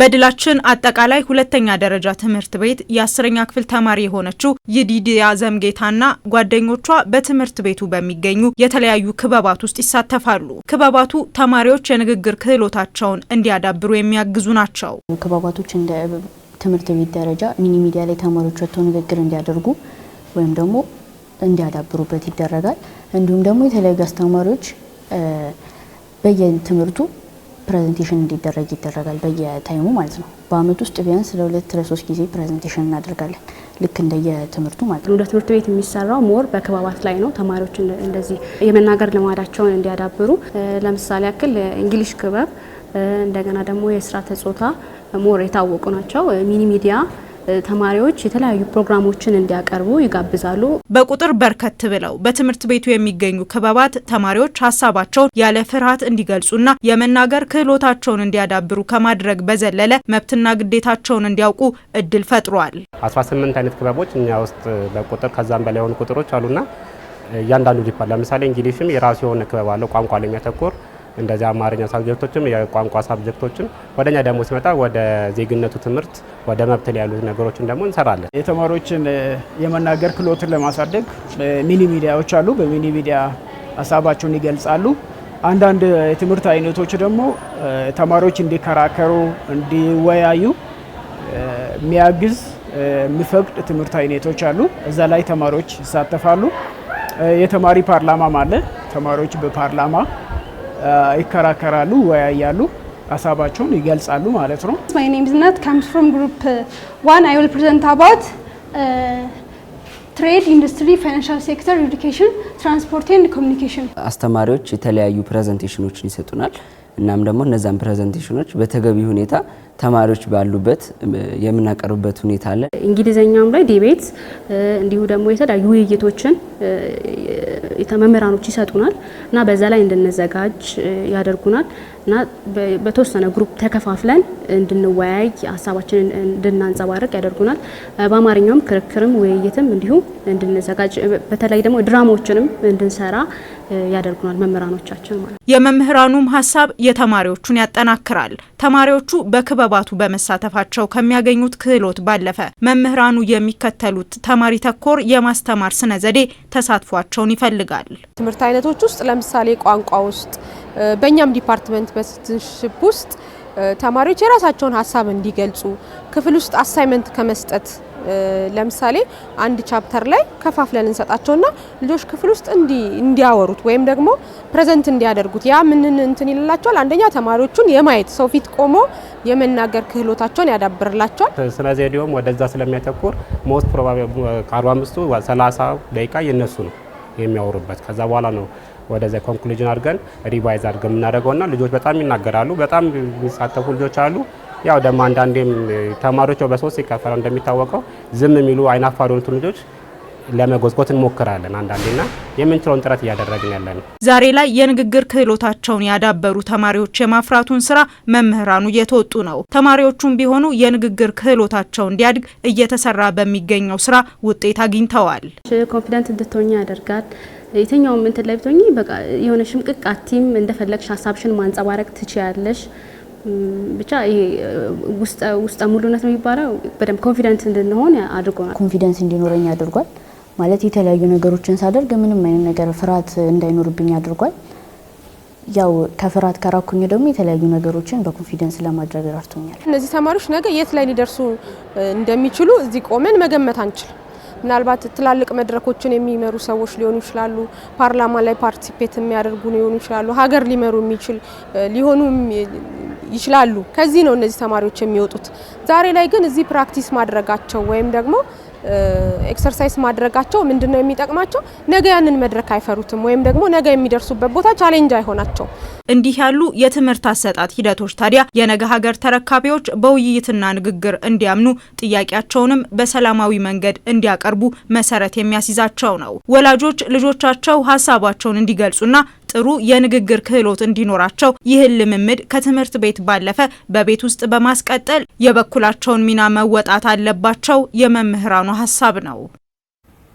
በድላችን አጠቃላይ ሁለተኛ ደረጃ ትምህርት ቤት የአስረኛ ክፍል ተማሪ የሆነችው ይዲዲያ ዘምጌታና ጓደኞቿ በትምህርት ቤቱ በሚገኙ የተለያዩ ክበባት ውስጥ ይሳተፋሉ። ክበባቱ ተማሪዎች የንግግር ክህሎታቸውን እንዲያዳብሩ የሚያግዙ ናቸው። ክበባቶች እንደ ትምህርት ቤት ደረጃ ሚኒ ሚዲያ ላይ ተማሪዎች ወጥተው ንግግር እንዲያደርጉ ወይም ደግሞ እንዲያዳብሩበት ይደረጋል። እንዲሁም ደግሞ የተለያዩ አስተማሪዎች በየትምህርቱ ፕሬዘንቴሽን እንዲደረግ ይደረጋል በየታይሙ ማለት ነው። በአመት ውስጥ ቢያንስ ለሁለት ለሶስት ጊዜ ፕሬዘንቴሽን እናደርጋለን ልክ የትምህርቱ ማለት ነው። ወደ ትምህርት ቤት የሚሰራው ሞር በክበባት ላይ ነው። ተማሪዎች እንደዚህ የመናገር ልማዳቸውን እንዲያዳብሩ ለምሳሌ ያክል እንግሊሽ ክበብ እንደገና ደግሞ የስራ ተጾታ ሞር የታወቁ ናቸው። ሚኒ ሚዲያ ተማሪዎች የተለያዩ ፕሮግራሞችን እንዲያቀርቡ ይጋብዛሉ። በቁጥር በርከት ብለው በትምህርት ቤቱ የሚገኙ ክበባት ተማሪዎች ሀሳባቸውን ያለ ፍርሃት እንዲገልጹና የመናገር ክህሎታቸውን እንዲያዳብሩ ከማድረግ በዘለለ መብትና ግዴታቸውን እንዲያውቁ እድል ፈጥሯል። 18 አይነት ክበቦች እኛ ውስጥ በቁጥር ከዛም በላይ የሆኑ ቁጥሮች አሉና እያንዳንዱ ዲፓርት ለምሳሌ እንግሊሽም የራሱ የሆነ ክበብ አለው ቋንቋ ለሚያተኩር እንደዚህ አማርኛ ሳብጀክቶችም የቋንቋ ሳብጀክቶችም ወደኛ ደግሞ ሲመጣ ወደ ዜግነቱ ትምህርት ወደ መብት ላይ ያሉት ነገሮችን ደግሞ እንሰራለን። የተማሪዎችን የመናገር ክህሎትን ለማሳደግ ሚኒ ሚዲያዎች አሉ። በሚኒ ሚዲያ ሀሳባቸውን ይገልጻሉ። አንዳንድ የትምህርት አይነቶች ደግሞ ተማሪዎች እንዲከራከሩ፣ እንዲወያዩ የሚያግዝ የሚፈቅድ ትምህርት አይነቶች አሉ። እዛ ላይ ተማሪዎች ይሳተፋሉ። የተማሪ ፓርላማም አለ። ተማሪዎች በፓርላማ Uh, ይከራከራሉ፣ ይወያያሉ፣ ሀሳባቸውን ይገልጻሉ ማለት ነው። ማይ ኔም ኢዝ ናት ካምስ ፍሮም ግሩፕ ዋን አይ ዊል ፕሬዘንት አባውት ትሬድ ኢንዱስትሪ፣ ፋይናንሻል ሴክተር፣ ኤዱኬሽን፣ ትራንስፖርት ኤንድ ኮሚኒኬሽን። አስተማሪዎች የተለያዩ ፕሬዘንቴሽኖችን ይሰጡናል። እናም ደግሞ እነዛን ፕሬዘንቴሽኖች በተገቢ ሁኔታ ተማሪዎች ባሉበት የምናቀርብበት ሁኔታ አለ። እንግሊዘኛውም ላይ ዲቤት እንዲሁ ደግሞ የተለያዩ ውይይቶችን መምህራኖች ይሰጡናል እና በዛ ላይ እንድንዘጋጅ ያደርጉናል። እና በተወሰነ ግሩፕ ተከፋፍለን እንድንወያይ ሀሳባችንን እንድናንጸባርቅ ያደርጉናል። በአማርኛውም ክርክርም ውይይትም እንዲሁም እንድንዘጋጅ በተለይ ደግሞ ድራማዎችንም እንድንሰራ ያደርጉናል መምህራኖቻችን ማለት ነው። የመምህራኑም ሀሳብ የተማሪዎቹን ያጠናክራል። ተማሪዎቹ በክበባቱ በመሳተፋቸው ከሚያገኙት ክህሎት ባለፈ መምህራኑ የሚከተሉት ተማሪ ተኮር የማስተማር ስነ ዘዴ ተሳትፏቸውን ይፈልጋል። ትምህርት አይነቶች ውስጥ ለምሳሌ ቋንቋ ውስጥ በእኛም ዲፓርትመንት በስትንሽፕ ውስጥ ተማሪዎች የራሳቸውን ሀሳብ እንዲገልጹ ክፍል ውስጥ አሳይመንት ከመስጠት ለምሳሌ አንድ ቻፕተር ላይ ከፋፍለን እንሰጣቸውና ልጆች ክፍል ውስጥ እንዲያወሩት ወይም ደግሞ ፕሬዘንት እንዲያደርጉት ያ ምንን እንትን ይልላቸዋል። አንደኛ ተማሪዎቹን የማየት ሰው ፊት ቆሞ የመናገር ክህሎታቸውን ያዳብርላቸዋል። ስነ ዘዴውም ወደዛ ስለሚያተኩር ሞስት ፕሮባቢ ከአርባ አምስቱ ሰላሳ ደቂቃ የነሱ ነው የሚያወሩበት ከዛ በኋላ ነው ወደዚያ ኮንክሉዥን አድርገን ሪቫይዝ አድርገን የምናደርገው እና ልጆች በጣም ይናገራሉ። በጣም የሚሳተፉ ልጆች አሉ። ያው ደግሞ አንዳንዴም ተማሪዎች በሶስት ይከፈላል እንደሚታወቀው። ዝም የሚሉ አይናፋር የሆኑትን ልጆች ለመጎዝጎት እንሞክራለን አንዳንዴና የምንችለውን ጥረት እያደረግን ያለ ነው። ዛሬ ላይ የንግግር ክህሎታቸውን ያዳበሩ ተማሪዎች የማፍራቱን ስራ መምህራኑ እየተወጡ ነው። ተማሪዎቹም ቢሆኑ የንግግር ክህሎታቸው እንዲያድግ እየተሰራ በሚገኘው ስራ ውጤት አግኝተዋል። ኮንፊደንት እንድትሆኝ ያደርጋል። የትኛውም እንትን ላይ ብትሆኚ በቃ የሆነ ሽምቅቅ አቲም እንደፈለግሽ ሀሳብሽን ማንጸባረቅ ትችያለሽ። ብቻ ይሄ ውስጠ ሙሉነት የሚባለው በደንብ ኮንፊደንስ እንድንሆን አድርጎናል። ኮንፊደንስ እንዲኖረኝ አድርጓል። ማለት የተለያዩ ነገሮችን ሳደርግ ምንም አይነት ነገር ፍርሃት እንዳይኖርብኝ አድርጓል። ያው ከፍርሃት ከራኩኝ ደግሞ የተለያዩ ነገሮችን በኮንፊደንስ ለማድረግ ረድቶኛል። እነዚህ ተማሪዎች ነገ የት ላይ ሊደርሱ እንደሚችሉ እዚህ ቆመን መገመት አንችልም። ምናልባት ትላልቅ መድረኮችን የሚመሩ ሰዎች ሊሆኑ ይችላሉ። ፓርላማ ላይ ፓርቲሲፔት የሚያደርጉ ሊሆኑ ይችላሉ። ሀገር ሊመሩ የሚችል ሊሆኑ ይችላሉ። ከዚህ ነው እነዚህ ተማሪዎች የሚወጡት። ዛሬ ላይ ግን እዚህ ፕራክቲስ ማድረጋቸው ወይም ደግሞ ኤክሰርሳይዝ ማድረጋቸው ምንድን ነው የሚጠቅማቸው? ነገ ያንን መድረክ አይፈሩትም፣ ወይም ደግሞ ነገ የሚደርሱበት ቦታ ቻሌንጅ አይሆናቸውም። እንዲህ ያሉ የትምህርት አሰጣጥ ሂደቶች ታዲያ የነገ ሀገር ተረካቢዎች በውይይትና ንግግር እንዲያምኑ፣ ጥያቄያቸውንም በሰላማዊ መንገድ እንዲያቀርቡ መሰረት የሚያስይዛቸው ነው። ወላጆች ልጆቻቸው ሀሳባቸውን እንዲገልጹና ጥሩ የንግግር ክህሎት እንዲኖራቸው ይህን ልምምድ ከትምህርት ቤት ባለፈ በቤት ውስጥ በማስቀጠል የበኩላቸውን ሚና መወጣት አለባቸው የመምህራኑ ሀሳብ ነው።